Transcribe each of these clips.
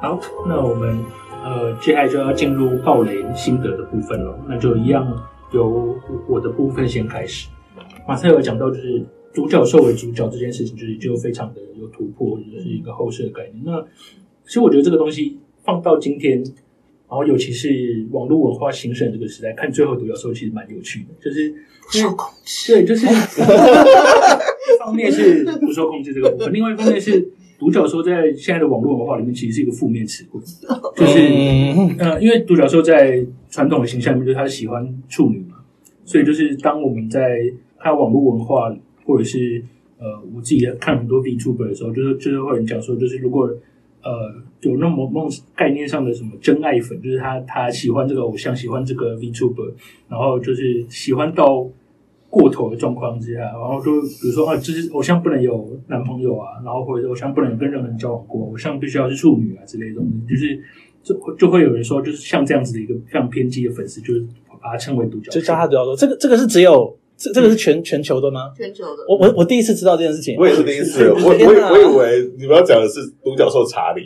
好，那我們、呃、接下來就要進入暴雷心得的部分了。那就一樣由我的部分先開始。Masayo 講到就是獨角獸為主角這件事情，就是就非常的有突破，就是一個後設的概念。那其實我覺得這個東西放到今天。然後，尤其是網絡文化興盛這個時代，看最後獨角獸其實蠻有趣的，就是就是、不受控制、嗯、對，就是一方 面是不受控制這個部分，另外一方面是獨角獸在現在的網絡文化裡面其實是一個負面詞彙，就是、嗯、呃，因為獨角獸在傳統的形象裡面就是他喜歡處女嘛，所以就是當我們在看網絡文化或者是呃，我自己看很多 Vtuber 的時候，就是就是、會有人講說，就是如果呃。有那麼某種概念上的什麼真愛粉，就是他他喜歡這個偶像，喜歡這個 VTuber，然後就是喜歡到過頭的狀況之下，然後就比如說啊，就是偶像不能有男朋友啊，然後或者是偶像不能跟任何人交往過，偶像必須要是處女啊之類的，嗯、就是就就會有人說，就是像這樣子的一個非常偏激的粉絲，就是把就他稱為獨角就叫他獨角獸。這個這個是只有，這這個是全全球的嗎？全球的，嗯、我我我第一次知道這件事情。我也是第一次，哦、我的、啊、我以我以為你們要講的是獨角獸查理，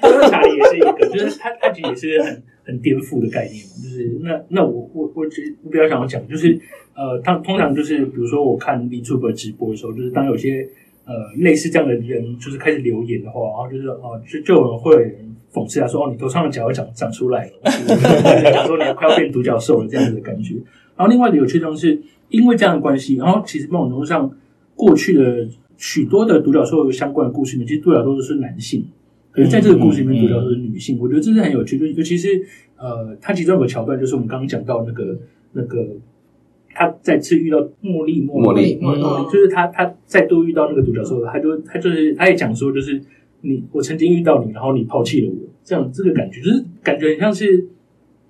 獨角獸查理也是一個， 就是它它其實也是很很顛覆的概念，就是那那我我我其實我比較想要講，就是呃，通通常就是比如說我看 VTuber 直播的時候，就是當有些呃類似這樣的人就是開始留言的話，然後就是哦、呃，就就有人會諷刺他、啊、說哦，你頭上的角要長長出來了，說你快要變獨角獸了這樣子的感覺。然後另外有趣的是，因為這樣的關係，然後其實某種程度上，過去的許多的獨角獸相關的故事呢，其實獨角獸都是男性，可是在這個故事裡面，獨角獸是女性。我覺得這是很有趣，就尤其是呃，它其中有個橋段，就是我們剛剛講到那個那個，他再次遇到茉莉，茉莉，茉莉，就是他他再度遇到那個獨角獸，他就他就是他也講說，就是你我曾經遇到你，然後你拋棄了我，這樣這個感覺就是感覺很像是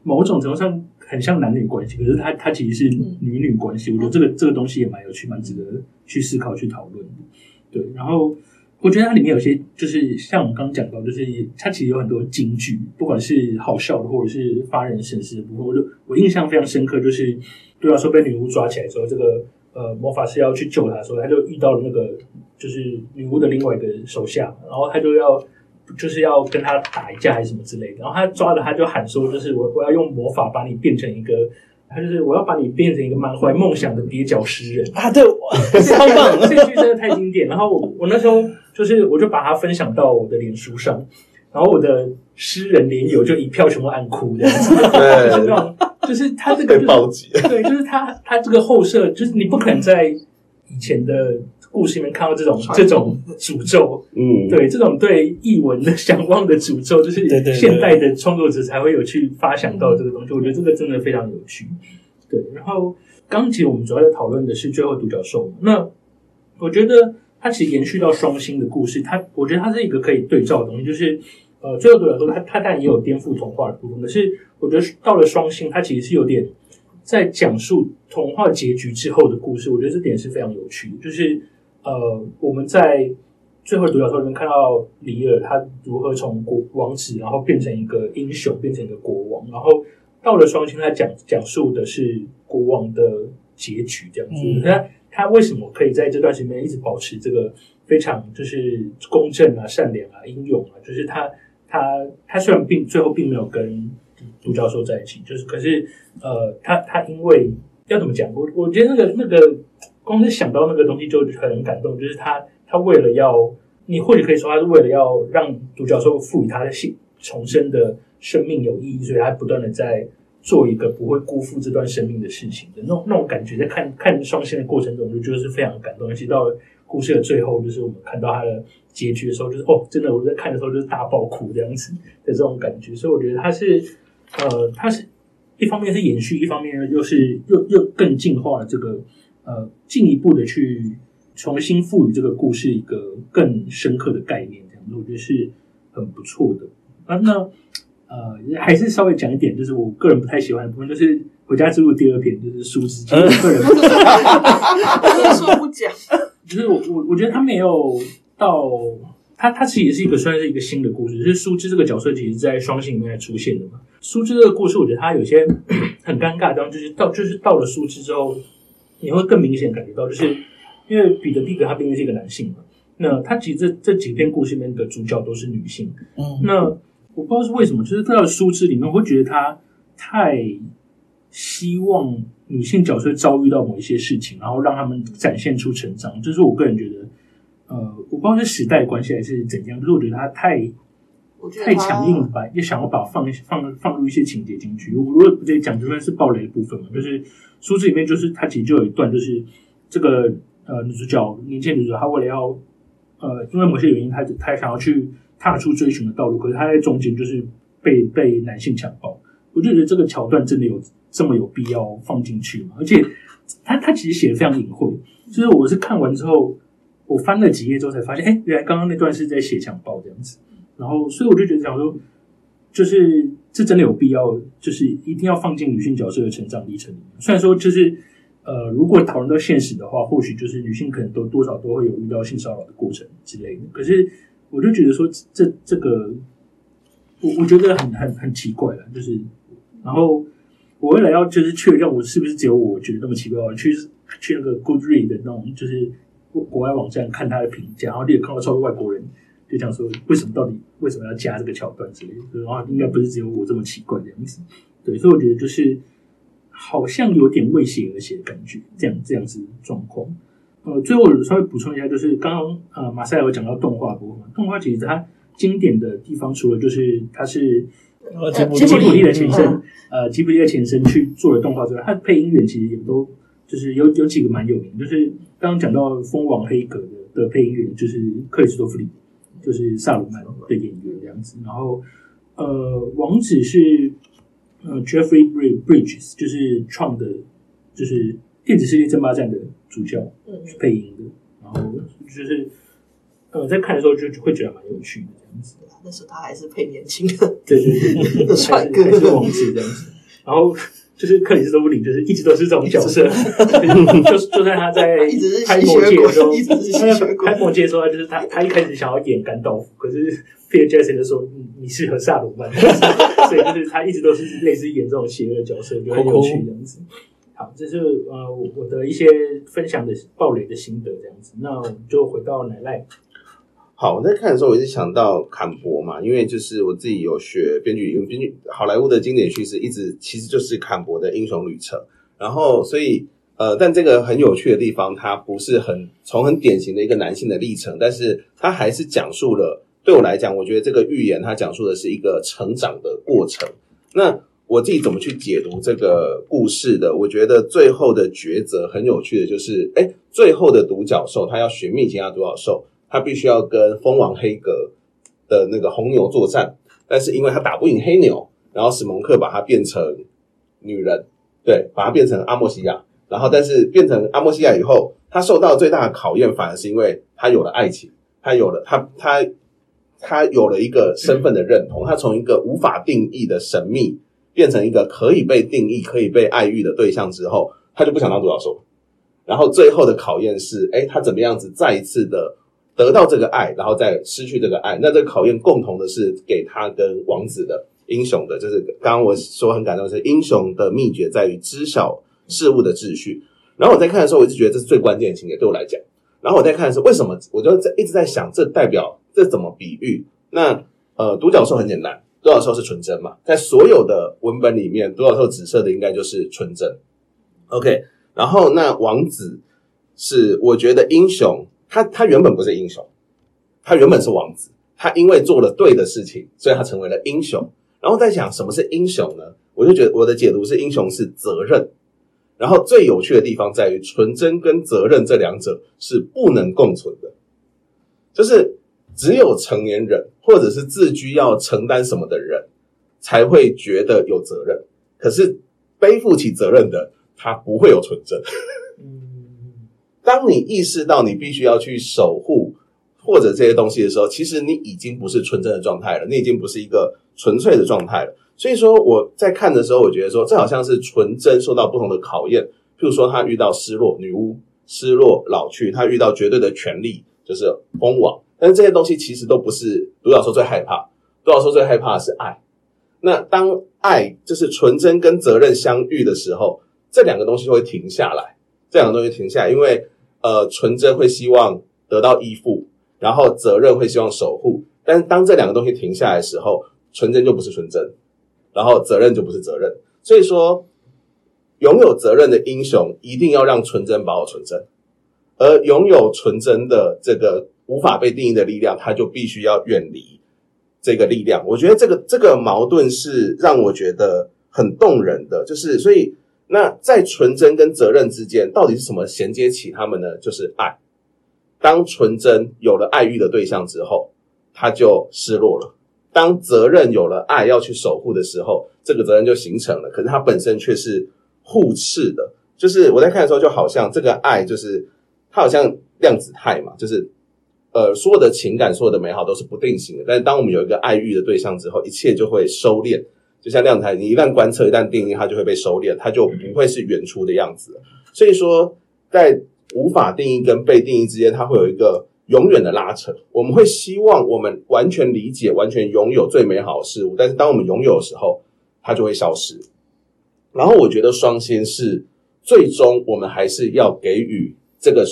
某種程度上。很像男女關係，可是他他其實是女女關係，嗯、我覺得這個這個東西也蠻有趣，蠻值得去思考去討論。對，然後我覺得它裡面有些就是像我剛剛講到，就是它其實有很多金句，不管是好笑的或者是發人深思。不過我就，就我印象非常深刻，就是對他、啊、說被女巫抓起來之後，這個呃魔法師要去救他的時候，他就遇到了那個就是女巫的另外一個手下，然後他就要。就是要跟他打一架還是什麼之類的，然後他抓着他就喊說，就是我我要用魔法把你變成一個，他就是我要把你變成一個滿懷夢想的蹩腳詩人啊！對，我這，棒， 這句真的太經典。然後我我那時候就是我就把它分享到我的臉書上，然後我的詩人臉友就一票全部暗哭的，對，就是他這個，對，就是他他這個後設就是你不可能在以前的。故事裡面看到這種這種詛咒，嗯，對，這種對譯文的相關的詛咒，就是現代的創作者才會有去發想到這個東西。我覺得這個真的非常有趣。對，然後剛其實我們主要在討論的是最後獨角獸，那我覺得它其實延續到雙星的故事，它我覺得它是一個可以對照的東西。就是呃，最後獨角獸它它當然也有顛覆童話的部分，可是我覺得到了雙星，它其實是有點在講述童話結局之後的故事。我覺得這點是非常有趣，就是。呃，我們在最後獨角獸裡面看到李爾他如何從國王子，然後變成一個英雄，變成一個國王，然後到了雙星，他講講述的是國王的結局這樣子。那、嗯、他為什麼可以在這段時間一直保持這個非常就是公正啊，善良啊，英勇啊？就是他他他雖然並最後並沒有跟獨角獸在一起，就是可是呃，他他因為要怎麼講？我我覺得那個那個。光是想到那個東西就很感動，就是他他為了要，你或許可以說他是為了要讓獨角獸賦予他的性，重生的生命有意義，所以他不斷的在做一個不會辜負這段生命的事情的那種那種感覺，在看看雙線的過程中就就是非常感動，而且到了故事的最後，就是我們看到他的結局的時候，就是哦，真的我在看的時候就是大爆哭這樣子的這種感覺，所以我覺得他是呃，他是一方面是延續，一方面又是又又更進化了這個。呃，進一步的去重新賦予這個故事一個更深刻的概念，這樣子我覺得是很不錯的。啊，那，呃，還是稍微講一點，就是我個人不太喜歡的部分，就是《回家之路》第二篇，就是蘇之。嗯，個人不講，就是我我我覺得他沒有到他他其實也是一個算是一個新的故事，就是蘇之這個角色其實，在雙性裡面還出現的嘛。蘇之這個故事，我覺得他有些 很尷尬，當就是到就是到了蘇之之後。你會更明顯感覺到，就是因為彼得·畢格他畢竟是一個男性嘛，那他其實這這幾篇故事裡面的主角都是女性，嗯，那我不知道是為什麼，就是他的書之裡面，我會覺得他太希望女性角色遭遇到某一些事情，然後讓他們展現出成長，就是我個人覺得，呃，我不知道是時代關係還是怎樣，就是我覺得他太。啊、太強硬了吧，也想要把放放放入一些情節進去。我如果不對講，就算是暴雷的部分嘛，就是書這裡面就是它其實就有一段，就是這個呃女主角年輕女主角，她為了要呃因為某些原因他，她她想要去踏出追尋的道路，可是她在中間就是被被男性強暴。我就覺得這個橋段真的有這麼有必要放進去嗎？而且他他其實寫得非常隱晦，就是我是看完之後，我翻了幾頁之後才發現，哎、欸，原來剛剛那段是在寫強暴這樣子。然後，所以我就覺得講說，就是這真的有必要，就是一定要放進女性角色的成長歷程裡面？雖然說，就是呃，如果討論到現實的話，或許就是女性可能都多少都會有遇到性騷擾的過程之類的。可是，我就覺得說，這這個，我我覺得很很很奇怪啦。就是，然後我為了要就是確認，我是不是只有我覺得那麼奇怪，啊，我去去那個 Goodreads 的那種就是國外網站看他的評價，然後連看到超多外國人。就這樣說，為什麼到底為什麼要加這個橋段之類的？啊，應該不是只有我這麼奇怪的，意思。對，所以我覺得就是好像有點為寫而寫的感覺，這樣這樣子狀況。呃，最後稍微補充一下，就是剛剛啊，馬賽爾有講到動畫部分，動畫其實它經典的地方，除了就是它是，呃、吉卜力的前身，嗯、呃，吉卜力的前身去做的動畫之外，它的配音員其實也都就是有有幾個蠻有名，就是剛剛講到《蜂王黑格》的的配音員，就是克里斯多夫里。就是薩魯曼的演員，這樣子，然後，呃，王子是呃 Jeffrey Bridges，就是創的，就是《電子世界爭霸戰》的主角，嗯、配音的。然後就是呃，在看的時候就會覺得蠻有趣的這樣子。但是他還是配年輕的，對對對 帥哥 還，還是王子這樣子。然後。就是克里斯多夫林，就是一直都是這種角色，一直 就就算他在拍魔戒的時候，一直是吸血鬼。鬼。拍《魔戒》的時候，就是他他一開始想要演甘道夫，可是 Peter Jackson 說你你適合薩魯曼， 所以就是他一直都是類似演這種邪惡角色，就很有趣這樣子。好，這是呃我的一些分享的爆雷的心得這樣子。那我們就回到奶奶。好，我在看的時候，我一直想到坎伯嘛，因為就是我自己有學編劇，編劇好萊塢的經典敘事，一直其實就是坎伯的英雄旅程。然後，所以呃，但這個很有趣的地方，它，不是很從很典型的一個男性的歷程，但是他還是講述了對我來講，我覺得這個寓言它講述的是一個成長的過程。那我自己怎麼去解讀這個故事的？我覺得最後的抉擇很有趣的就是，哎、欸，最後的獨角獸，他要尋覓其他獨角獸。他必須要跟瘋王黑格的那個紅牛作戰，但是因為他打不贏黑牛，然後史蒙克把他變成女人，對，把他變成阿莫西亞，然後但是變成阿莫西亞以後，他受到最大的考驗，反而是因為他有了愛情，他有了他他他有了一個身份的認同，嗯、他從一個無法定義的神秘變成一個可以被定義、可以被愛欲的對象之後，他就不想當獨角獸。然後最後的考驗是，哎、欸，他怎麼樣子再一次的得到這個愛，然後再失去這個愛，那這個考驗共同的是給他跟王子的英雄的，就是剛剛我說很感動的是英雄的秘訣在於知曉事物的秩序。然後我在看的時候，我一直覺得這是最關鍵的情節對我來講。然後我在看的時候，為什麼我就在一直在想，這代表這怎麼比喻？那呃，獨角獸很簡單，獨角獸是純真嘛，在所有的文本裡面，獨角獸指涉的應該就是純真。OK，然後那王子是我覺得英雄。他他原本不是英雄，他原本是王子。他因為做了對的事情，所以他成為了英雄。然後在想什麼是英雄呢？我就覺得我的解讀是英雄是責任。然後最有趣的地方在於純真跟責任這兩者是不能共存的，就是只有成年人或者是自居要承擔什麼的人才會覺得有責任。可是背負起責任的他不會有純真。 當你意識到你必須要去守護或者這些東西的時候，其實你已經不是純真的狀態了，你已經不是一個純粹的狀態了。所以說我在看的時候，我覺得說，這好像是純真受到不同的考驗，譬如說他遇到失落女巫、失落老去，他遇到絕對的權力，就是封王，但是這些東西其實都不是獨角獸最害怕。獨角獸最害怕的是愛。那當愛就是純真跟責任相遇的時候，這兩個東西會停下來，這兩個東西停下來，因為。呃，純真會希望得到依附，然後責任會希望守護。但是當這兩個東西停下來的時候，純真就不是純真，然後責任就不是責任。所以說，擁有責任的英雄一定要讓純真保有純真，而擁有純真的這個無法被定義的力量，他就必須要遠離這個力量。我覺得這個這個矛盾是讓我覺得很動人的，就是所以。那在純真跟責任之間，到底是什麼銜接起他們呢？就是愛。當純真有了愛欲的對象之後，他就失落了。當責任有了愛要去守護的時候，這個責任就形成了。可是它本身卻是互斥的。就是我在看的時候，就好像這個愛就是它好像量子態嘛，就是呃，所有的情感、所有的美好都是不定型的。但是當我們有一個愛欲的對象之後，一切就會收斂。就像亮台，你一旦觀測，一旦定義，它就會被收斂，它就不會是原初的樣子了。所以說，在無法定義跟被定義之間，它會有一個永遠的拉扯。我們會希望我們完全理解、完全擁有最美好的事物，但是當我們擁有的時候，它就會消失。然後我覺得雙星是，最終我們還是要給予這個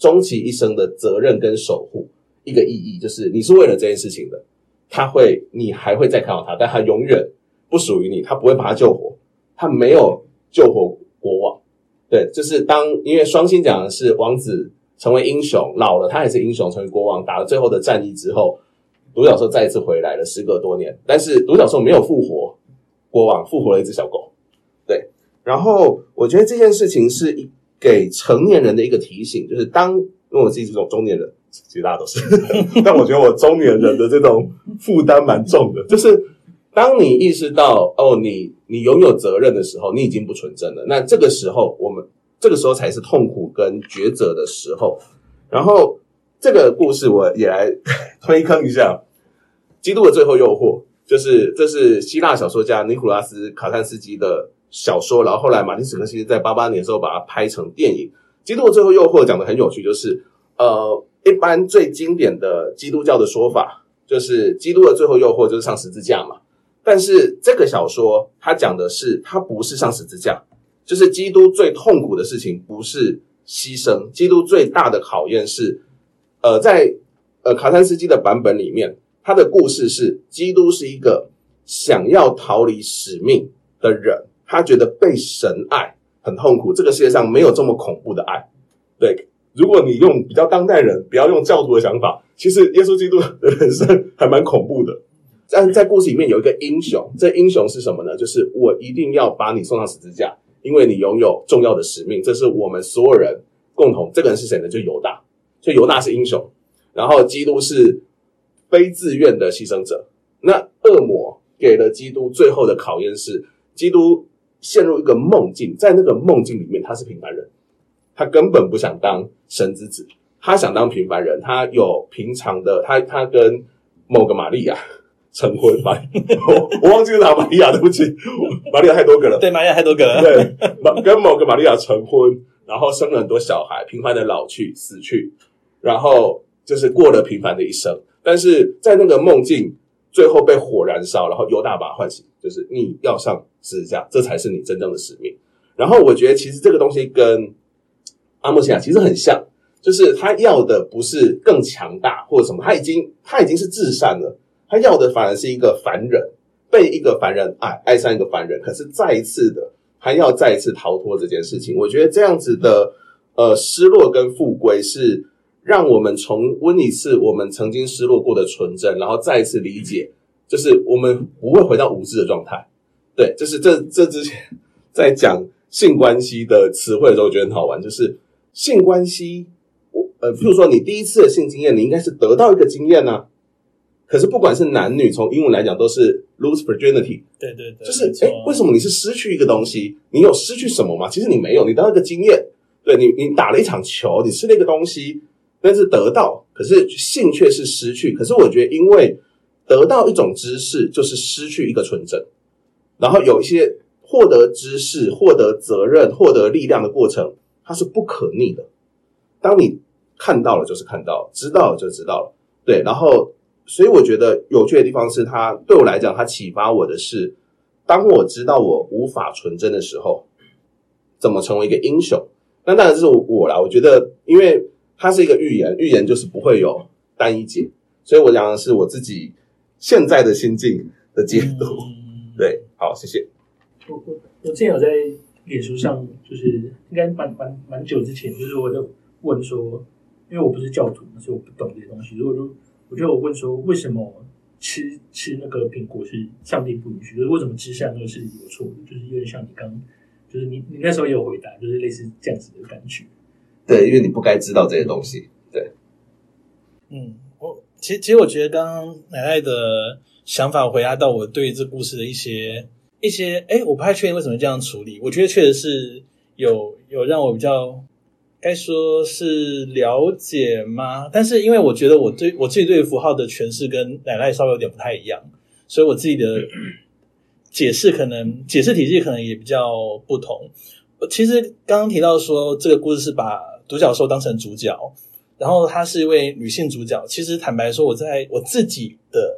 終其一生的責任跟守護一個意義，就是你是為了這件事情的，它會，你還會再看到它，但它永遠不屬於你，他不會把他救活，他沒有救活國王。對，就是當，因為雙星講的是王子成為英雄，老了他也是英雄，成為國王，打了最後的戰役之後，獨角獸再一次回來了。時隔多年，但是獨角獸沒有復活，國王復活了一隻小狗。對，然後我覺得這件事情是給成年人的一個提醒，就是當，因為我自己是一種中年人，其實大家都是， 但我覺得我中年人的這種負擔蠻重的，就是。當你意識到哦，你你擁有責任的時候，你已經不純正了。那這個時候，我們這個時候才是痛苦跟抉擇的時候。然後這個故事我也來呵呵推坑一下，《基督的最後誘惑》就是這是希臘小說家尼古拉斯·卡贊斯基的小說，然後後來馬丁·史柯西在八八年的時候把它拍成電影《基督的最後誘惑》，講得很有趣。就是呃，一般最經典的基督教的說法，就是基督的最後誘惑就是上十字架嘛。但是這個小說，它講的是，它不是上十字架，就是基督最痛苦的事情不是犧牲，基督最大的考驗是，呃，在呃卡山斯基的版本裡面，他的故事是，基督是一個想要逃離使命的人，他覺得被神愛很痛苦，這個世界上沒有這麼恐怖的愛。對，如果你用比較當代人，不要用教徒的想法，其實耶穌基督的人生還蠻恐怖的。但在故事裡面有一個英雄，這英雄是什麼呢？就是我一定要把你送上十字架，因為你擁有重要的使命。這是我們所有人共同。這個人是誰呢？就猶大，就猶大是英雄。然後基督是非自願的犧牲者。那惡魔給了基督最後的考驗是：基督陷入一個夢境，在那個夢境裡面他是平凡人，他根本不想當神之子，他想當平凡人，他有平常的他，他跟某個瑪利亞。成婚，我 我忘記是哪瑪利亞，對不起，瑪利亞太多個了。對，瑪利亞太多個了。對，跟某個瑪利亞成婚，然後生了很多小孩，平凡的老去、死去，然後就是過了平凡的一生。但是在那個夢境，最後被火燃燒，然後猶大把喚醒，就是你要上十字架，這才是你真正的使命。然後我覺得，其實這個東西跟阿莫西亞其實很像，就是他要的不是更強大或者什麼，他已經他已經是至善了。他要的反而是一個凡人，被一個凡人愛，愛上一個凡人，可是再一次的還要再一次逃脫這件事情。我覺得這樣子的呃失落跟復歸，是讓我們重溫一次我們曾經失落過的純真，然後再一次理解，就是我們不會回到無知的狀態。對，就是這這之前在講性關係的詞彙的時候，我覺得很好玩，就是性關係，我呃，譬如說你第一次的性經驗，你應該是得到一個經驗呢、啊。可是，不管是男女，嗯、從英文來講都是 lose virginity。對對對，就是哎、啊，為什麼你是失去一個東西？你有失去什麼嗎？其實你沒有，你當一個經驗。對你，你打了一場球，你吃了一個東西，但是得到，可是性卻是失去。可是我覺得，因為得到一種知識，就是失去一個純真。然後有一些獲得知識、獲得責任、獲得力量的過程，它是不可逆的。當你看到了，就是看到了；知道了，就知道了。對，然後。所以我覺得有趣的地方是，它對我來講，它啟發我的是，當我知道我無法純真的時候，怎麼成為一個英雄？那當然是我啦。我覺得，因為它是一個寓言，寓言就是不會有單一解，所以我講的是我自己現在的心境的解讀。嗯、對，好，謝謝。我我我之前有在臉書上，就是應該蠻蠻蠻久之前，就是我就問說，因為我不是教徒，所以我不懂這些東西，如果說。我覺得我問說，為什麼吃吃那個蘋果是上帝不允許？就是為什麼吃下那個是有錯，就是有點像你剛，就是你你那時候也有回答，就是類似這樣子的感覺。對，因為你不該知道這些東西。對，嗯，我其實其實我覺得剛剛乃賴的想法回答到我對這故事的一些一些，哎，我不太確定為什麼這樣處理。我覺得確實是有有讓我比較。該說是了解嗎？但是因為我覺得我對我自己對於符號的詮釋跟乃賴稍微有點不太一樣，所以我自己的解釋可能解釋體系可能也比較不同。其實剛剛提到說這個故事是把獨角獸當成主角，然後她是一位女性主角。其實坦白說，我在我自己的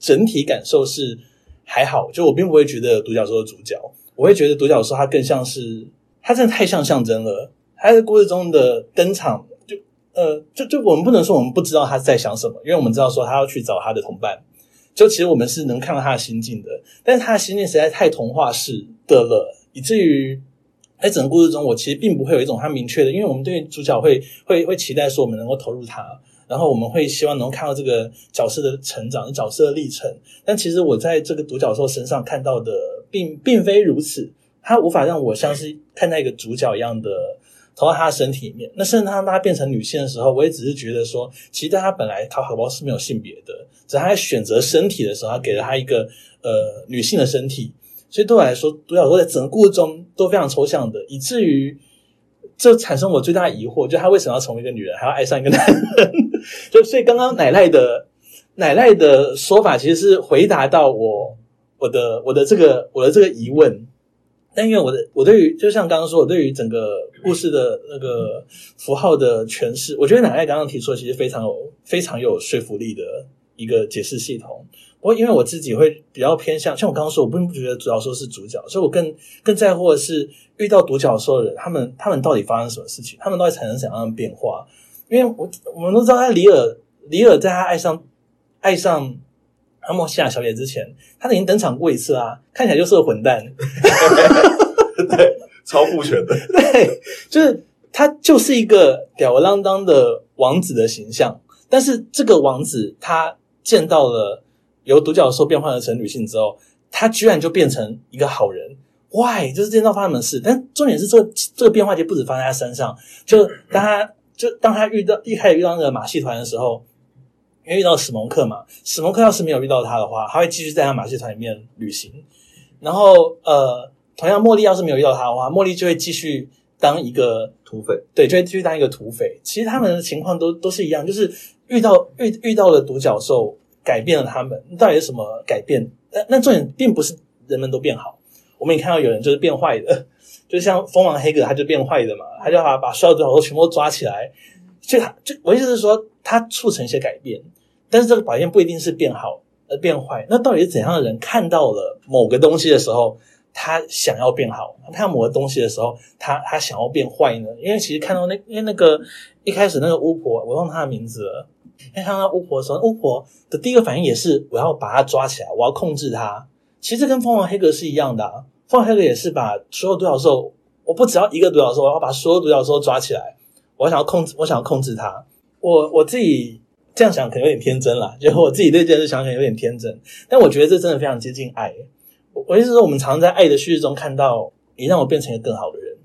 整體感受是還好，就我並不會覺得獨角獸是主角，我會覺得獨角獸它更像是它真的太像象徵了。他在故事中的登場，就呃，就就我們不能說我們不知道他在想什麼，因為我們知道說他要去找他的同伴，就其實我們是能看到他的心境的。但是他的心境實在太童話式的了，以至於在整個故事中，我其實並不會有一種很明確的，因為我們對於主角會會會期待說我們能夠投入他，然後我們會希望能夠看到這個角色的成長、這個、角色的歷程。但其實我在這個獨角獸身上看到的並，並並非如此，他無法讓我像是看待一個主角一樣的。投到他的身體裡面，那甚至當他變成女性的時候，我也只是覺得說，其實在他本來他荷包是沒有性別的，只是他在選擇身體的時候，他給了他一個呃女性的身體。所以對我來說，獨角獸在整個故事中都非常抽象的，以至於這產生我最大疑惑，就他為什麼要成為一個女人，還要愛上一個男人？就所以剛剛乃賴的乃賴的說法，其實是回答到我我的我的這個我的這個疑問。但因為我的，我對於就像剛剛說，我對於整個故事的那個符號的詮釋，我覺得乃賴剛剛提出的其實非常有、非常有說服力的一個解釋系統。我因為我自己會比較偏向，像我剛剛說，我並不覺得獨角獸是主角，所以我更更在乎的是遇到獨角獸的、的人，他們他們到底發生什麼事情，他們到底產生什麼樣的變化。因為我我們都知道他李，他李爾李爾在他愛上愛上。阿莫西亞小姐之前，他已經登場過一次啊，看起來就是個混蛋。 對，超不全的。對，就是他就是一個吊兒郎當的王子的形象，但是這個王子他見到了由獨角獸變化而成女性之後，他居然就變成一個好人。Why？就是今天到底發生什麼事？但重點是這，這這個變化就不止發生在他身上，就當他就當他遇到一開始遇到那個馬戲團的時候。因為遇到史蒙克嘛，史蒙克要是沒有遇到他的話，他會繼續在他馬戲團裡面旅行。然後，呃，同樣茉莉要是沒有遇到他的話，茉莉就會繼續當一個土匪，對，就會繼續當一個土匪。其實他們的情況都都是一樣，就是遇到遇遇到了獨角獸，改變了他們。到底有什麼改變？那那重點並不是人們都變好，我們也看到有人就是變壞的，就像瘋王黑格，他就變壞的嘛，他就把他把所有獨角獸全部抓起來。就就我意思是說，他促成一些改變，但是這個改變不一定是變好，而變壞。那到底是怎樣的人看到了某個東西的時候，他想要變好？他看某個東西的時候，他他想要變壞呢？因為其實看到那，因為那個一開始那個巫婆，我忘他名字了。看到那巫婆的時候，巫婆的第一個反應也是我要把他抓起來，我要控制他。其實跟鳳凰黑格是一樣的啊，鳳凰黑格也是把所有獨角獸，我不只要一個獨角獸，我要把所有獨角獸抓起來。我想要控制，我想要控制它。我我自己這樣想的可能有點天真了，就我自己對這件事想想有點天真。但我覺得這真的非常接近愛。我意思說，我，說我們常，常在愛的敘事中看到“你讓我變成一個更好的人”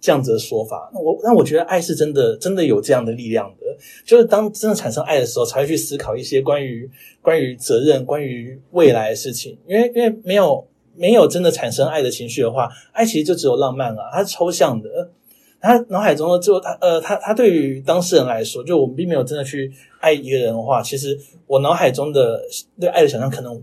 這樣子的說法。那我那我覺得愛是真的，真的有這樣的力量的。就是當真的產生愛的時候，才會去思考一些關於關於責任、關於未來的事情。因為因為沒有沒有真的產生愛的情緒的話，愛其實就只有浪漫啊，它是抽象的。他腦海中的就他呃，他他對於當事人來說，就我們並沒有真的去愛一個人的話，其實我腦海中的對愛的想象，可能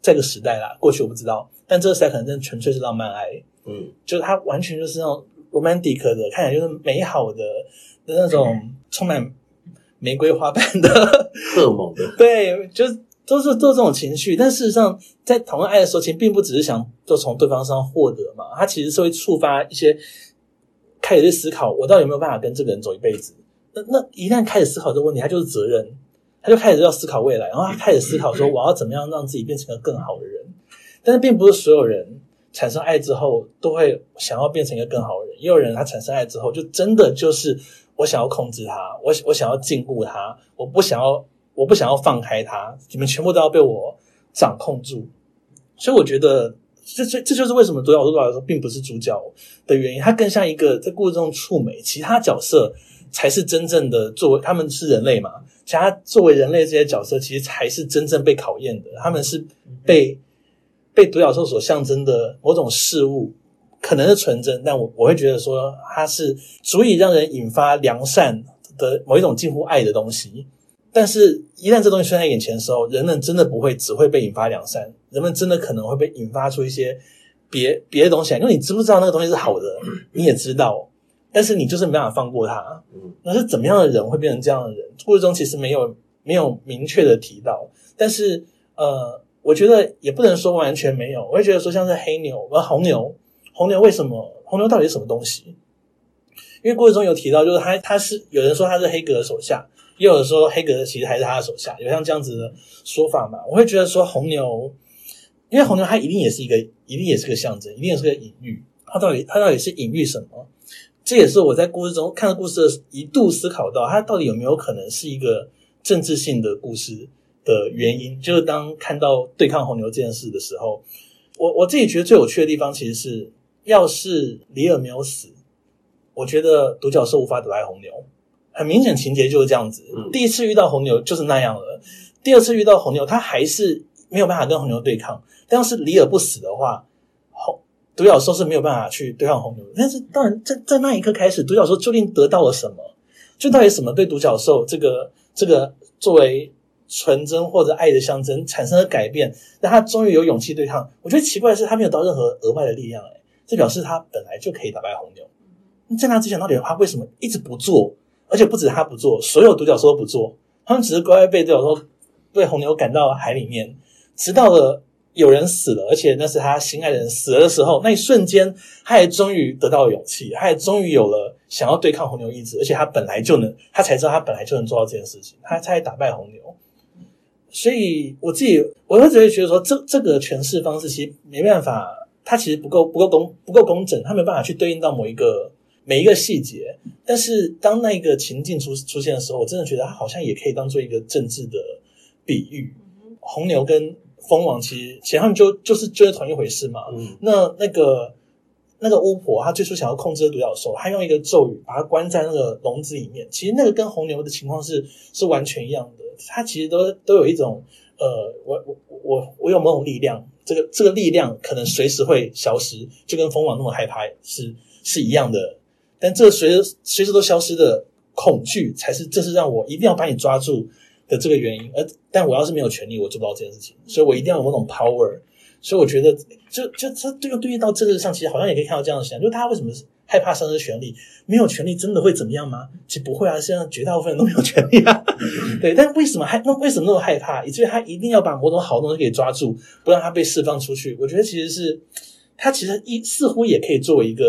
這個時代啦，過去我不知道，但這個時代可能真的純粹是浪漫愛，嗯，就是它完全就是那種 romantic 的，看起來就是美好的、嗯、那種充滿玫瑰花瓣的噩夢的，的 對，就都是都是這種情緒。但事實上，在討論愛的時候，其實並不只是想就從對方身上獲得嘛，他其實是會觸發一些。開始在思考，我到底有沒有辦法跟這個人走一輩子？那那一旦開始思考這個問題，他就是責任，他就開始要思考未來，然後他開始思考說，我要怎麼樣讓自己變成一個更好的人？但是，並不是所有人產生愛之後都會想要變成一個更好的人，也有人他產生愛之後，就真的就是我想要控制他，我我想要禁錮他，我不想要，我不想要放開他，你們全部都要被我掌控住。所以，我覺得。這這這就是為什麼獨角獸來說並不是主角的原因，它更像一個在故事中觸媒，其他角色才是真正的作為。他們是人類嘛？其他作為人類這些角色，其實才是真正被考驗的。他們是被被獨角獸所象徵的某種事物，可能是純真，但我我會覺得說，它是足以讓人引發良善的某一種近乎愛的東西。但是，一旦這東西出現在眼前的時候，人們真的不會，只會被引發兩三。人們真的可能會被引發出一些別別的東西，因為你知不知道那個東西是好的，你也知道，但是你就是沒辦法放過他。嗯，那是怎麼樣的人會變成這樣的人？故事中其實沒有沒有明確的提到，但是呃，我覺得也不能說完全沒有。我也覺得說像是黑牛和紅牛，紅牛為什麼？紅牛到底是什麼東西？因為故事中有提到，就是他他是有人說他是黑格的手下。也有的時候黑格其實還是他的手下，有像這樣子的說法嘛？我會覺得說，紅牛，因為紅牛它一定也是一個，一定也是個象徵，一定也是個隱喻。它到底它到底是隱喻什麼？這也是我在故事中看到故事的一度思考到，它到底有沒有可能是一個政治性的故事的原因。就是當看到對抗紅牛這件事的時候，我我自己覺得最有趣的地方其實是，要是里爾沒有死，我覺得獨角獸無法打敗紅牛。很明顯，情節就是這樣子。第一次遇到紅牛就是那樣了，嗯、第二次遇到紅牛，他還是沒有辦法跟紅牛對抗。但是離而不死的話，紅、獨角獸是沒有辦法去對抗紅牛。但是當然在，在在那一刻開始，獨角獸究竟得到了什麼？就到底什麼對獨角獸這個這個作為純真或者愛的象徵產生了改變，讓他終於有勇氣對抗？我覺得奇怪的是，他沒有到任何額外的力量、欸，哎，這表示他本來就可以打敗紅牛。在那之前，到底他為什麼一直不做？而且不止他不做，所有獨角獸都不做，他們只是乖乖被獨角獸被紅牛趕到海裡面，直到了有人死了，而且那是他心愛的人死了的時候，那一瞬間，他也終於得到了勇氣，他也終於有了想要對抗紅牛意志，而且他本來就能，他才知道他本來就能做到這件事情，他才打敗紅牛。所以我自己，我會覺得覺得說，這這個詮釋方式其實沒辦法，它其實不夠不夠工不夠工整，他沒辦法去對應到某一個。每一個細節，但是當那個情境出出現的時候，我真的覺得它好像也可以當做一個政治的比喻。紅牛跟蜂王其實前後就就是就同一回事嘛。嗯。那那個那個巫婆，她最初想要控制獨角獸，她用一個咒語把它關在那個籠子裡面。其實那個跟紅牛的情況是是完全一樣的。他其實都都有一種呃，我我我我有某種力量，這個這個力量可能隨時會消失，就跟蜂王那麼害怕是是，是一樣的。但這隨隨時都消失的恐懼，才是這是讓我一定要把你抓住的這個原因。而但我要是沒有權利，我做不到這件事情，所以我一定要有某種 power。所以我覺得，就就他對對應到政治上，其實好像也可以看到這樣的現象，就是大家為什麼害怕喪失權利？沒有權利真的會怎麼樣嗎？其實不會啊，現在絕大部分人都沒有權利啊。 對，但為什麼害，那為什麼那麼害怕？以至於他一定要把某種好東西給抓住，不讓他被釋放出去。我覺得其實是他其實一似乎也可以作為一個。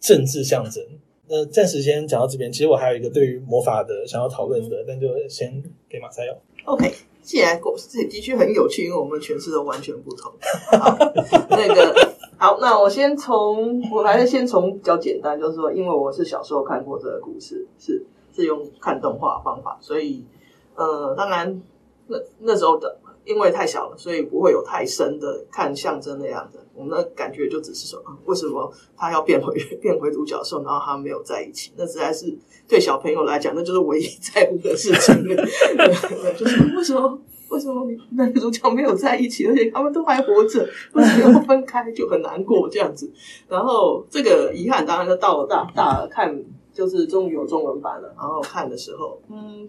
政治象徵，那、呃、暫時先講到這邊。其實我還有一個對於魔法的想要討論的，但就先給 Masayo。OK，既然有，也的確很有趣，因為我們詮釋的完全不同。好 那個好，那我先從，我還是先從比較簡單，就是說，因為我是小時候看過這個故事，是是用看動畫方法，所以，呃，當然那那時候的。因為太小了，所以不會有太深的看象徵的樣子。我們的感覺就只是說，啊、為什麼他要變回變回獨角獸，然後他沒有在一起？那實在是對小朋友來講，那就是唯一在乎的事情。 就是為什麼為什麼男主角沒有在一起，而且他們都還活着，為什麼要分開就很難過這樣子？然後這個遺憾當然就到了大大看，就是終於有中文版了。然後看的時候，嗯。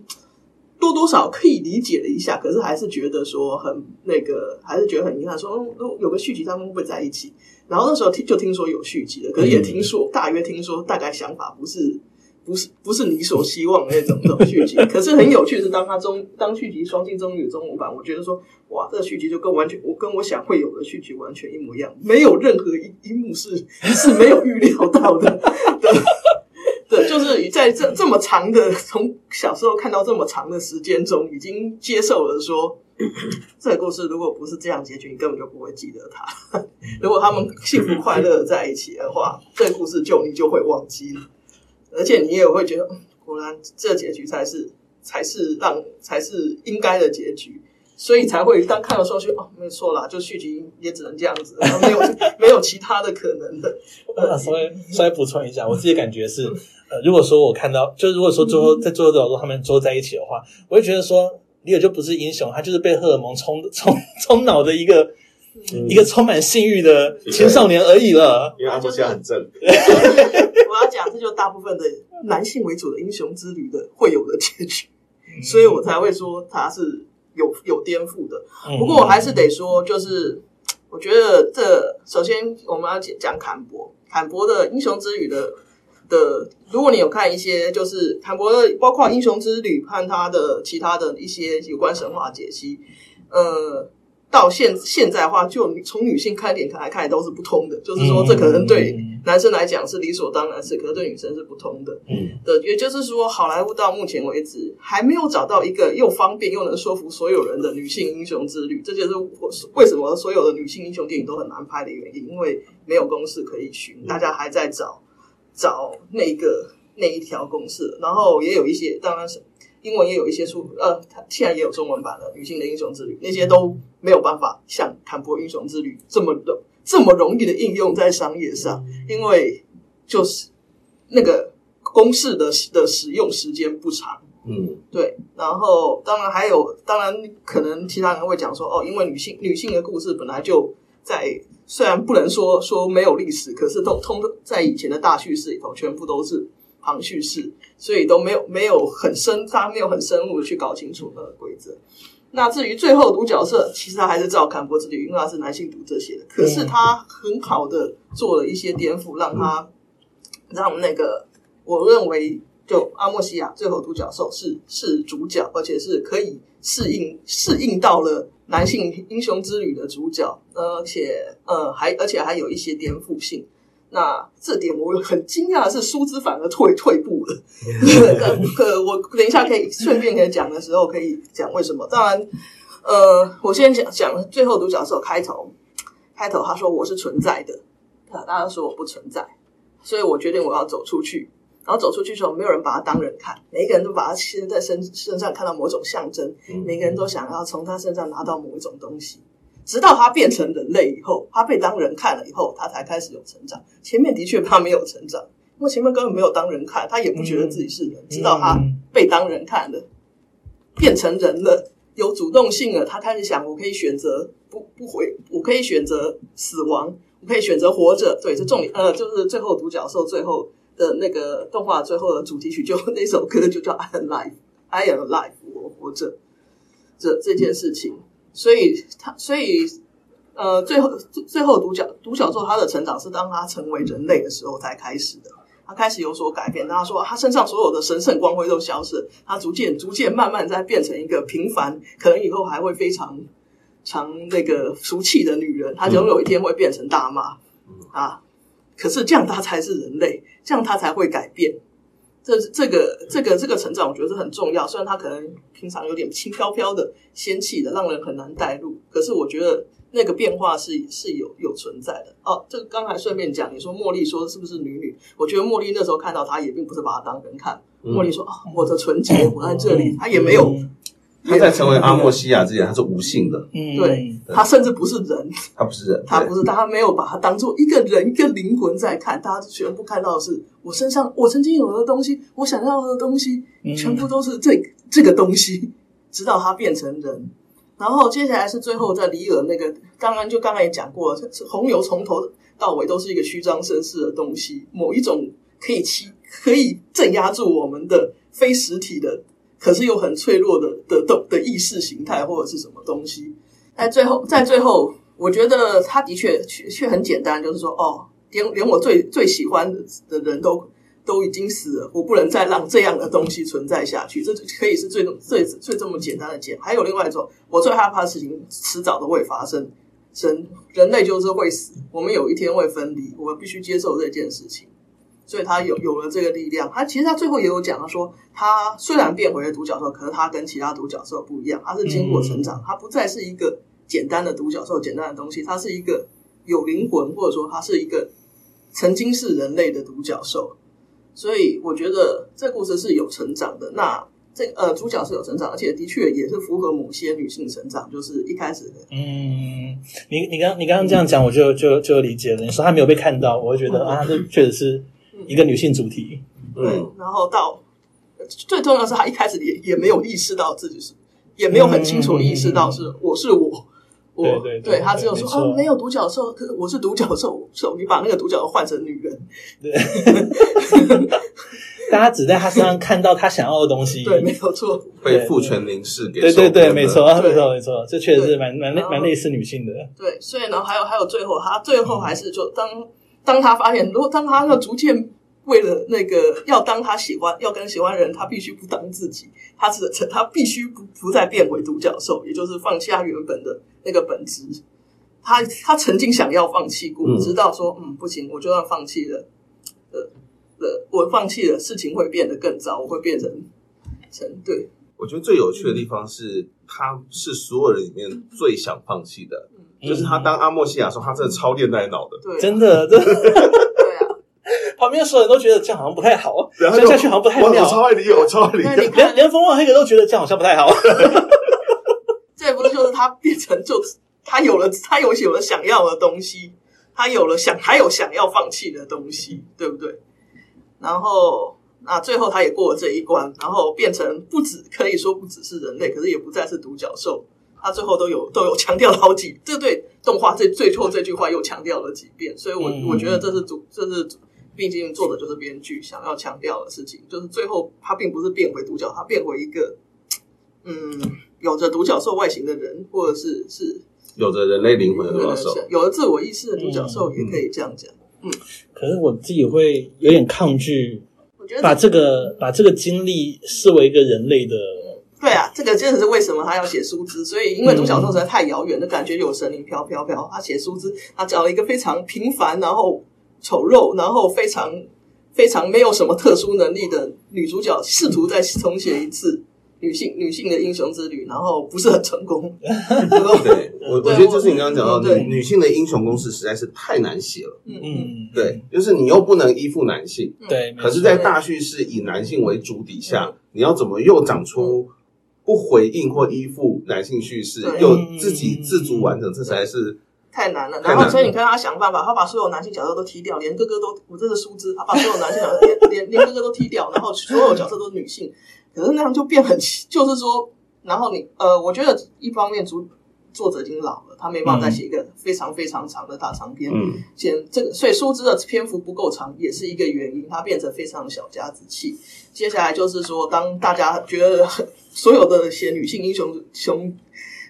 多多少可以理解了一下，可是還是覺得說很那個，還是覺得很遺憾說。說、哦哦、有個續集，他們會不會在一起。然後那時候聽就聽說有續集了，可是也聽說，大約聽說，大概想法不是不是不是你所希望的那種那種續集。可是很有趣的是，當他中當續集雙性中女中文版，我覺得說哇，這續集就跟完全我跟我想會有的續集完全一模一樣，沒有任何一幕是是沒有預料到的。 的 對，就是在這這麼長的，從小時候看到這麼長的時間中，已經接受了說，這個故事如果不是這樣結局，你根本就不會記得它。 如果他們幸福快樂在一起的話，這個故事就你就會忘記了，而且你也會覺得，果然這結局才是，才是讓，才是應該的結局。所以才會當看的時候就哦，沒錯啦，就續集也只能這樣子，然後沒有 沒有其他的可能的。嗯嗯、稍微稍微補充一下，我自己感覺是，嗯、呃，如果說我看到，就如果說最後、嗯、在座的角落他們坐在一起的話，我會覺得說，李爾就不是英雄，他就是被荷爾蒙衝衝衝，衝腦的一個、嗯、一個充滿性慾的青少年而已了。因為阿布家很正，嗯、 我要講，這就是大部分的男性為主的英雄之旅的會有的結局，所以我才會說他是。有有顛覆的，不過我還是得說，就是嗯嗯我覺得這，首先我們要講坎博，坎博的《英雄之旅的》的的，如果你有看一些就是坎博的，包括《英雄之旅》，看他的其他的一些有關神話解析，呃。到現現在的話，就從女性觀點來看，都是不通的。就是說，這可能對男生來講是理所當然是，可能對女生是不通的。嗯，的，也就是說，好萊塢到目前為止還沒有找到一個又方便又能說服所有人的女性英雄之旅。嗯、這就是為什麼所有的女性英雄電影都很難拍的原因，因為沒有公式可以循，大家還在找找那一個那一條公式。然後也有一些，當然是。英文也有一些書，呃、啊，它現在也有中文版的《女性的英雄之旅》，那些都沒有辦法像《坎伯英雄之旅》這麼的這麼容易的應用在商業上，因為就是那個公式的的使用時間不長。嗯，對。然後，當然還有，當然可能其他人會講說，哦，因為女性女性的故事本來就在，雖然不能說說沒有歷史，可是通通在以前的大敘事裡頭，全部都是。旁敘事，所以都沒有沒有很深，他沒有很深入的去搞清楚那個規則。那至於最後獨角獸，其實他還是照坎伯之旅，因為他是男性讀這些的。可是他很好的做了一些顛覆，讓他讓那個我認為就阿莫西亞，最後獨角獸是是主角，而且是可以適應適應到了男性英雄之旅的主角。呃，而且呃還而且還有一些顛覆性。那，這點我很驚訝的是蘇之反而退退步了。 呃，我等一下可以順便可以講的時候可以講為什麼。當然，呃，我先講講最後獨角獸開頭，開頭他說我是存在的，啊，大家說我不存在，所以我決定我要走出去。然後走出去的時候，沒有人把他當人看，每一個人都把他其實，在身身上看到某種象徵，每一個人都想要從他身上拿到某一種東西。直到他變成人類以後，他被當人看了以後，他才開始有成長。前面的確他沒有成長，因為前面根本沒有當人看，他也不覺得自己是人。嗯、直到他被當人看了，嗯、變成人了，有主動性了，他開始想：我可以選擇不不回，我可以選擇死亡，我可以選擇活着。對，這重點。呃，就是最後獨角獸最後的那個動畫最後的主題曲就，就那首歌就叫《I'm Alive》，I'm Alive，我活着。這這件事情。所以，他所以，呃，最後最最後獨，獨角獨角獸他的成長是當他成為人類的時候才開始的。他開始有所改變。那他說，他身上所有的神聖光輝都消失，他逐漸逐漸慢慢在變成一個平凡，可能以後還會非常常那個俗氣的女人。他總有一天會變成大媽、嗯、啊！可是這樣他才是人類，這樣他才會改變。這這個這個這個成長，我覺得是很重要。雖然他可能平常有點輕飄飄的、仙氣的，讓人很難帶入，可是我覺得那個變化是是有有存在的。哦，這個剛才順便講，你說茉莉說是不是女女？我覺得茉莉那時候看到她也並不是把她當人看。嗯、茉莉說：“哦，我的純潔，我在這裡，她也沒有。”他在成為阿莫西亞之前，之前他是無性的，嗯，對，他甚至不是人，他不是人，他不是，大家對沒有把他當做一個人、一個靈魂在看，大家全部看到的是我身上我曾經有的東西，我想要的東西，全部都是這這個東西，直到他變成人。嗯、然後接下來是最後在里爾那個，剛剛、嗯、就剛剛也講過了，紅牛從頭到尾都是一個虛張聲勢的東西，某一種可以欺可以鎮壓住我們的非實體的。可是又很脆弱的的的的意識形態或者是什麼東西，但最後在最後，我覺得他的確確確很簡單，就是說，哦，連連我最最喜歡的的人都都已經死了，我不能再讓這樣的東西存在下去，這就可以是最最最這麼簡單的簡。還有另外一種，我最害怕的事情，遲早都會發生，人人類就是會死，我們有一天會分離，我們必須接受這件事情。所以他有有了這個力量。他其實他最後也有講到說，他說他雖然變回了獨角獸，可是他跟其他獨角獸不一樣，他是經過成長，嗯、他不再是一個簡單的獨角獸，簡單的東西，他是一個有靈魂，或者說他是一個曾經是人類的獨角獸。所以我覺得這故事是有成長的。那這呃，主角是有成長，而且的確也是符合某些女性成長，就是一開始的，嗯，你你剛你剛剛這樣講，我就就就理解了。你說他沒有被看到，我會覺得、嗯、啊，這確實是。一個女性主題，對，然後到最重要的是，她一開始也也沒有意識到自己是，也沒有很清楚意識到是我是我，我對，她只有說哦，沒有獨角獸，可我是獨角獸，是，你把那個獨角獸換成女人，對，大家只在她身上看到她想要的東西，對，沒有錯，被父權凝視給，對對對，沒錯沒錯沒錯，這確實是蠻蠻蠻類似女性的，對，所以呢，還有還有，最後她最後還是就當。當他發現，如果當他要逐漸為了那個要當他喜歡要跟喜歡的人，他必須不當自己，他是他必須不不再變回獨角獸，也就是放棄他原本的那個本質。他他曾經想要放棄過，直到說嗯不行，我就要放棄了呃，呃，我放棄了，事情會變得更糟，我會變成成對。我覺得最有趣的地方是。他是所有人裡面最想放棄的，嗯、就是他當阿莫西亞的時候，嗯、他真的超戀愛腦的，對、啊，真的、 啊，對啊。 旁邊所有人都覺得這樣好像不太好，接有下去好像不太妙我。我超愛你，我超愛你，你連連風浪黑人都覺得這樣好像不太好。 這不就是他變成就，他有了他有些有了想要的東西，他有了想還有想要放棄的東西，對不對？然後。那最後他也過了這一關，然後變成不只可以說，不只是人類，可是也不再是獨角獸。他最後都有都有強調了好幾，對對對，這對動畫最最後這句話又強調了幾遍。所以我，我我覺得這是主，這是畢竟做的就是編劇想要強調的事情，就是最後他並不是變回獨角獸，他變回一個嗯，有着獨角獸外形的人，或者是是有着人類靈魂的獨角獸，有了自我意識的獨角獸也可以這樣講，嗯。嗯，嗯嗯可是我自己會有點抗拒。把這個、嗯、把這個經歷視為一個人類的、嗯、對啊，這個真的是為什麼他要寫蘇茲？所以因為獨角獸實在太遙遠的感覺，有神靈飄飄飄。他寫蘇茲，他找了一個非常平凡，然後醜陋，然後非常非常沒有什麼特殊能力的女主角，試圖再重寫一次。女性，女性的英雄之旅，然後不是很成功。 對，我我覺得就是你剛剛講到對女、嗯、女性的英雄公式實在是太難寫了。嗯，對，嗯、就是你又不能依附男性，對、嗯，可是，在大敘事以男性為主底下，嗯、你要怎麼又長出不回應或依附男性敘事，嗯、又自己自足完成，嗯、這才是。太難了，然後所以你看他想辦法，他把所有男性角色都踢掉，連哥哥都，我這是梳之，他把所有男性角色連 連哥哥都踢掉，然後所有角色都是女性，可是那樣就變很奇，就是說，然後你呃，我覺得一方面主作者已經老了，他沒辦法再寫一個非常非常長的大長篇，嗯、寫這個，所以書之的篇幅不夠長也是一個原因，他變成非常小家子氣。接下來就是說，當大家覺得所有的寫女性英雄雄。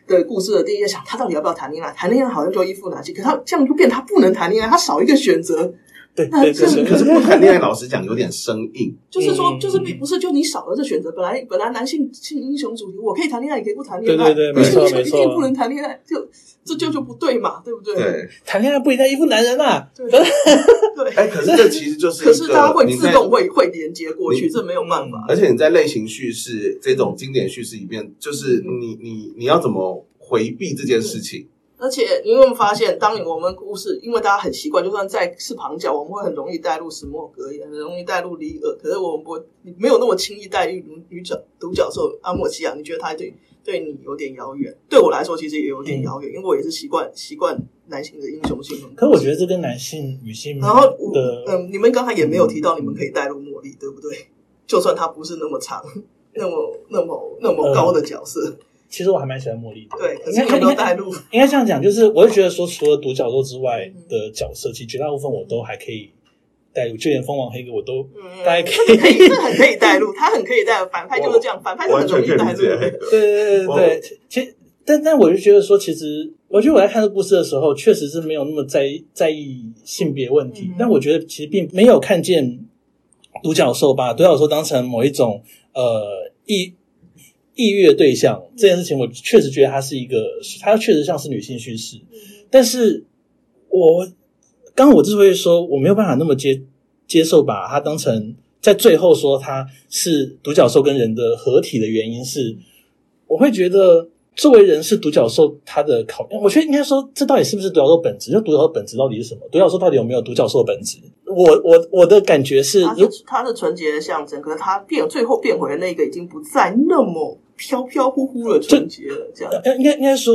的故事的，第一在想他到底要不要談戀愛，啊？談戀愛好像就依附男性，可他這樣就變他不能談戀愛，啊，他少一個選擇。對，可是不談戀愛，老實講有點生硬，就是說，就是並不是就你少了這選擇，本來本來男性性英雄主題，我可以談戀愛，也可以不談戀愛。對對對，沒錯沒錯，一定不能談戀愛，就這就就不對嘛，對不對？對。談戀愛不一定依附男人啦。對不對？哎，可是這其實就是，可是他會自動會會連接過去，這沒有辦法。而且你在類型敘事這種經典敘事裡面，就是你你你要怎麼回避這件事情？而且，你有沒有發現，當我們故事，因為大家很習慣，就算在是旁角，我們會很容易帶入史莫格，也很容易帶入李爾。可是，我們不會沒有那麼輕易帶入女、女角的時候，獨角獸阿莫西亞，你覺得他對對你有點遙遠？對我來說，其實也有點遙遠，嗯、因為我也是習慣習慣男性的英雄性。可我覺得這跟男性、女性的然後我，嗯，你們剛才也沒有提到，你們可以帶入茉莉，對不對？就算他不是那麼長、那麼、那麼、那麼高的角色。嗯嗯其實我還蠻喜歡茉莉的，對，很多帶入應該。應該這樣講，就是我就覺得說，除了獨角獸之外的角色，其實、嗯、絕大部分我都還可以帶入。就連蜂王黑哥，我都大概可以很可以帶入，他很可以帶入。反派就是這樣，哦、反派就是很容易帶入。對對對對，我 其實，但但我就覺得說，其實我覺得我在看這個故事的時候，確實是沒有那麼在意，在意性別問題。嗯、但我覺得其實並沒有看見獨角獸把獨角獸當成某一種呃一。異域對象這件事情，我確實覺得它是一個，它確實像是女性敘事。但是我，我剛剛我之所以說我沒有辦法那麼接接受把它當成在最後說它是獨角獸跟人的合體的原因是，我會覺得。作為人是獨角獸，它的考驗，我覺得應該說，這到底是不是獨角獸本質？就獨角獸本質到底是什麼？獨角獸到底有沒有獨角獸的本質？我我我的感覺是，它是純潔的象徵，可是它變最後變回的那個已經不再那麼飄飄忽忽的純潔了，就這樣。應該應該說，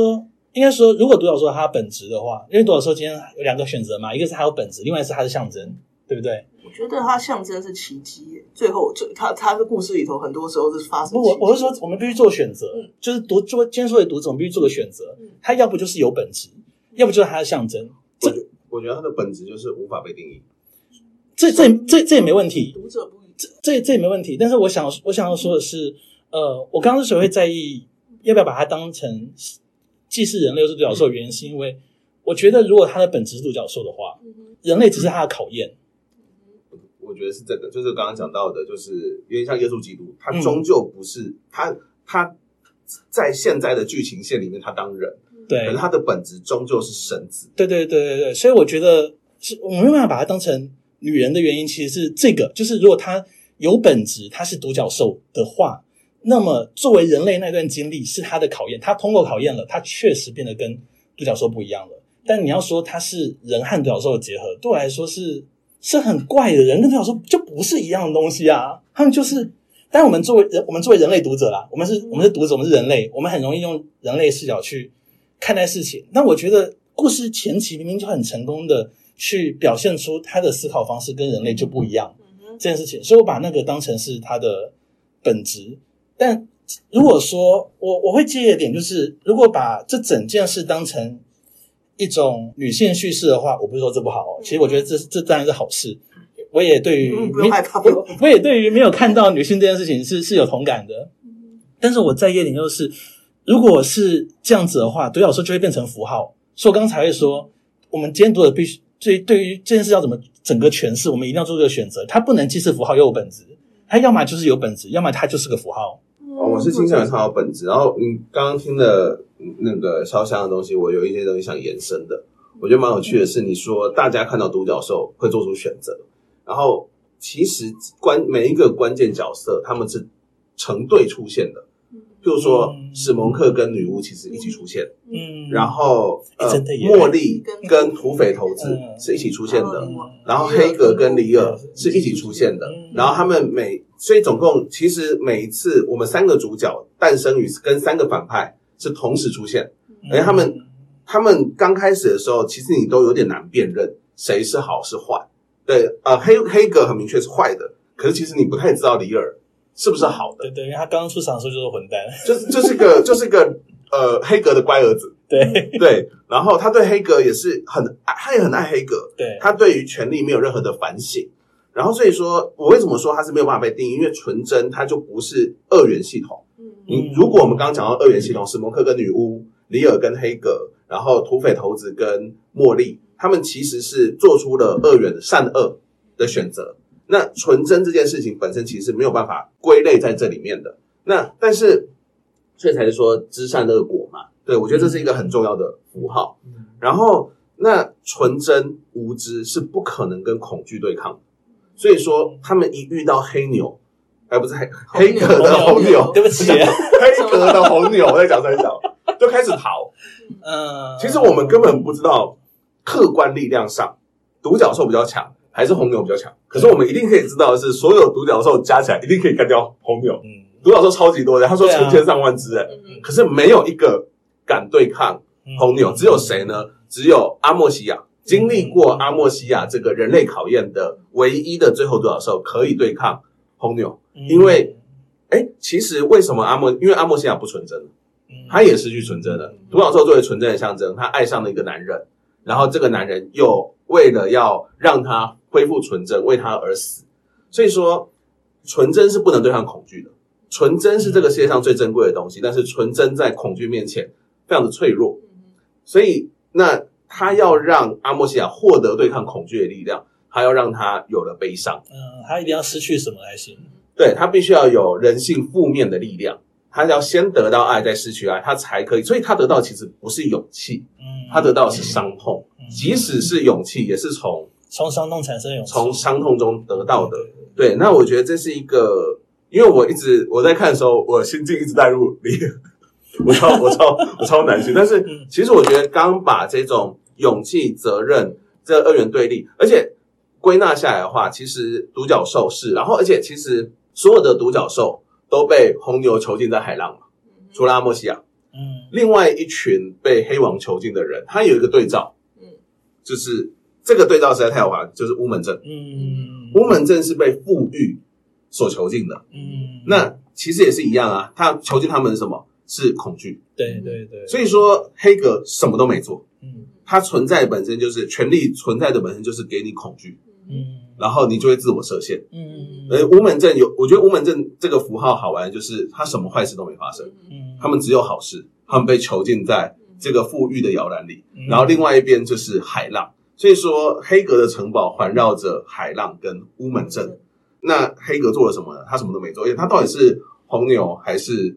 應該說，如果獨角獸它本質的話，因為獨角獸今天有兩個選擇嘛，一個是它有本質，另外一個是它是象徵，對不對？我覺得它象徵是奇蹟。最後，最他他的故事裡頭，很多時候是發生。不，我是說，我們必須做選擇，就是讀作。今天作為讀者，我們必須做個選擇，它要不就是有本質，要不就是它的象徵。我我覺得它的本質就是無法被定義。這、這、這、這也沒問題。讀者不這這這也沒問題。但是我想我想要說的是，呃，我剛剛是會在意要不要把它當成既是人類又是獨角獸？原因是因為我覺得，如果它的本質是獨角獸的話，人類只是它的考驗。我覺得是這個，就是剛剛講到的，就是因為像耶穌基督，他終究不是、嗯、他，他在現在的劇情線裡面，他當人，嗯、對，可是他的本質終究是神子。對對對對對，所以我覺得是，我們沒辦法把他當成女人的原因，其實是這個，就是如果他有本質，他是獨角獸的話，那麼作為人類那段經歷是他的考驗，他通過考驗了，他確實變得跟獨角獸不一樣了。但你要說他是人和獨角獸的結合，對我來說是。是很怪的，人跟小說就不是一樣的東西啊。他們就是，但我們作為人，我們作為人類讀者啦，我們是、嗯、我們是讀者，我們是人類，我們很容易用人類視角去看待事情。那我覺得故事前期明明就很成功的去表現出他的思考方式跟人類就不一樣、嗯、這件事情，所以我把那個當成是他的本質。但如果說我我會介意的點就是，如果把這整件事當成。一種女性敘事的話，我不是說這不好，其實我覺得這這當然是好事。我也對於我，我也對於沒有看到女性這件事情是是有同感的。但是我在夜裡就是，如果是這樣子的話，獨角獸就會變成符號。所以我剛才會說，我們今天讀的必須，對對於這件事要怎麼整個詮釋，我們一定要做一個選擇。它不能既是符號又有本質，它要麼就是有本質，要麼它就是個符號。哦，我是經常有唱到本質，然後你剛剛聽的那個燒香的東西，我有一些東西想延伸的。我覺得蠻有趣的是，你說大家看到獨角獸會做出選擇，然後其實關每一個關鍵角色他們是成對出現的，譬如說，史蒙克跟女巫其實一起出現，嗯，然後茉莉跟土匪頭子是一起出現的，然後黑格跟里爾是一起出現的，然後他們每。所以，總共其實每一次，我們三個主角誕生與跟三個反派是同時出現，而、嗯、他們他們剛開始的時候，其實你都有點難辨認誰是好是壞。對，呃，黑黑格很明確是壞的，可是其實你不太知道里爾是不是好的。對對，因為他剛剛出場的時候就是混蛋，就是就是一個就是一個 呃黑格的乖兒子。對對，然後他對黑格也是很他也很愛黑格，對他對於權力沒有任何的反省。然後，所以說我為什麼說它是沒有辦法被定義？因為純真它就不是二元系統。嗯，如果我們剛剛講到二元系統，史蒙克跟女巫、里爾跟黑格，然後土匪頭子跟茉莉，他們其實是做出了二元善惡的選擇。那純真這件事情本身其實是沒有辦法歸類在這裡面的。那但是，所以才是說知善惡果嘛？對，我覺得這是一個很重要的符號。嗯，然後，那純真無知是不可能跟恐懼對抗的。所以說，他們一遇到黑牛，哎，不是黑黑格的紅牛，對不起，黑格的紅牛，我在講，三講，就開始逃。嗯，其實我們根本不知道客觀力量上，獨角獸比較強還是紅牛比較強。可是我們一定可以知道的是，所有獨角獸加起來一定可以幹掉紅牛。嗯，獨角獸超級多的，他說成千上萬隻，哎，可是沒有一個敢對抗紅牛，只有誰呢？只有阿莫西亞。經歷過阿莫西亞這個人類考驗的唯一的最後獨角獸可以對抗紅牛，嗯，因為，誒，其實為什麼阿莫？因為阿莫西亞不純真，他也失去純真了。獨角獸作為純真的象徵，他愛上了一個男人，然後這個男人又為了要讓他恢復純真，為他而死。所以說，純真是不能對抗恐懼的，純真是這個世界上最珍貴的東西，但是純真在恐懼面前非常的脆弱，所以那。他要讓阿莫西亞獲得對抗恐懼的力量，還要讓他有了悲傷。嗯，他一定要失去什麼才行？對，他必須要有人性負面的力量。他要先得到愛，再失去愛，他才可以。所以他得到其實不是勇氣，嗯，他得到的是傷痛。嗯嗯，即使是勇氣，也是從從傷痛產生勇氣，從傷痛中得到的。對，那我覺得這是一個，因為我一直我在看的時候，我心境一直帶入你。 我超我超我超難聽，但是其實我覺得剛把這種勇氣、責任這二元對立，而且歸納下來的話，其實獨角獸是，然後而且其實所有的獨角獸都被紅牛囚禁在海浪嘛，嗯，除了阿莫西亞，嗯，另外一群被黑王囚禁的人，他有一個對照，嗯，就是這個對照實在太好玩，就是烏門鎮。嗯，烏門鎮是被富裕所囚禁的，嗯，那其實也是一樣啊，他囚禁他們什麼？是恐懼，對對對，所以說黑格什麼都沒做，嗯，他存在本身就是權力存在的本身就是給你恐懼，嗯，然後你就會自我設限，嗯，而烏門鎮有，我覺得烏門鎮這個符號好玩，就是他什麼壞事都沒發生，嗯，他們只有好事，他們被囚禁在這個富裕的搖籃裡，嗯、然後另外一邊就是海浪，所以說黑格的城堡環繞着海浪跟烏門鎮，嗯、那黑格做了什麼呢？他什麼都沒做，因為他到底是紅牛還是？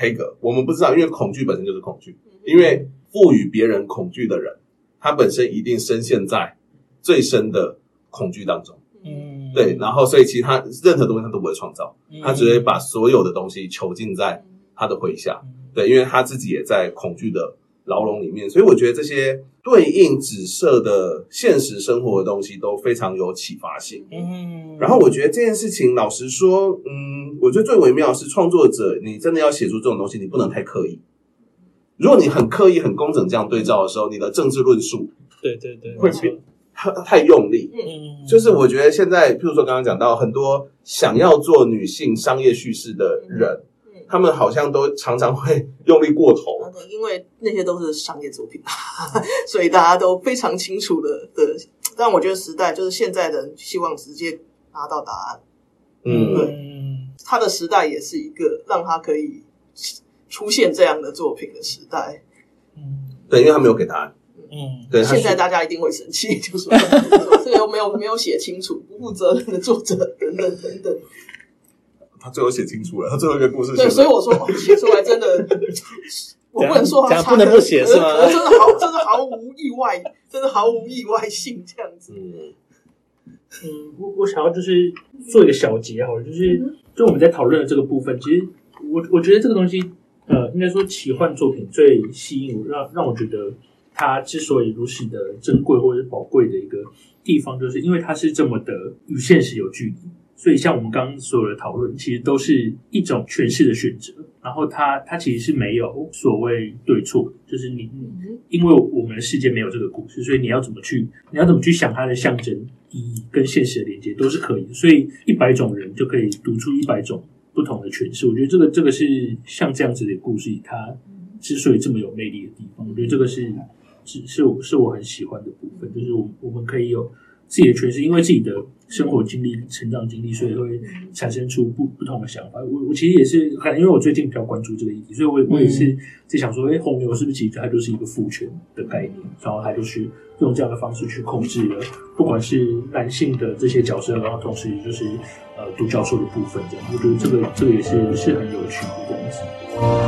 黑格，我們不知道，因為恐懼本身就是恐懼。因為賦予別人恐懼的人，他本身一定深陷，陷在最深的恐懼當中。嗯，對。然後，所以其他任何東西他都不會創造，嗯，他只會把所有的東西囚禁在他的麾下。嗯，對，因為他自己也在恐懼的牢籠裡面，所以我覺得這些對應指涉的現實生活的東西都非常有啟發性。嗯，然後我覺得這件事情，老實說，嗯，我覺得最微妙是創作者，你真的要寫出這種東西，你不能太刻意。如果你很刻意、很工整這樣對照的時候，你的政治論述，對對對，會變太用力。嗯嗯嗯，就是我覺得現在，譬如說剛剛講到很多想要做女性商業敘事的人。他們好像都常常會用力過頭，因為那些都是商業作品， 所以大家都非常清楚的。對，但我覺得時代就是現在的人希望直接拿到答案，嗯，對，他的時代也是一個讓他可以出現這樣的作品的時代，嗯，對，因為他沒有給答案，嗯，對，現在大家一定會生氣，就是說 這個又沒有沒有寫清楚，不負責任的的作者等等等等。最後寫清楚了，他最後一個故事。對，所以我說寫出來真的， 我不能說他不能不寫是，是嗎？真的毫真的毫無意外， 真的毫無意外性這樣子。嗯，嗯，我我想要就是做一個小結哈，就是就我們在討論的這個部分，其實我我覺得這個東西，呃，應該說奇幻作品最吸引我，讓讓我覺得它之所以如此的珍貴或者是寶貴的一個地方，就是因為它是這麼的與現實有距離。所以，像我們剛剛所有的討論，其實都是一種詮釋的選擇。然後它，它它其實是沒有所謂對錯，就是你，因為我們的世界沒有這個故事，所以你要怎麼去，你要怎麼去想它的象徵意義跟現實的連接，都是可以的。所以，一百種人就可以讀出一百種不同的詮釋。我覺得這個這個是像這樣子的故事，它之所以這麼有魅力的地方，我覺得這個是是是是我很喜歡的部分，就是我我們可以有。自己的詮釋，因為自己的生活經歷、成長經歷，所以會產生出不不同的想法。我我其實也是，可能因為我最近比較關注這個議題，所以我也我也是在想說，誒、欸、紅牛是不是其實它就是一個父權的概念，然後它就是用這樣的方式去控制了，不管是男性的這些角色，然後同時也就是呃獨角獸的部分，這樣，我覺得這個這個也是是很有趣的這樣子。